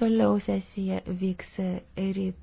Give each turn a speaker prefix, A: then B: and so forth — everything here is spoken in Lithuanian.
A: Toliau sesija vyks ryt.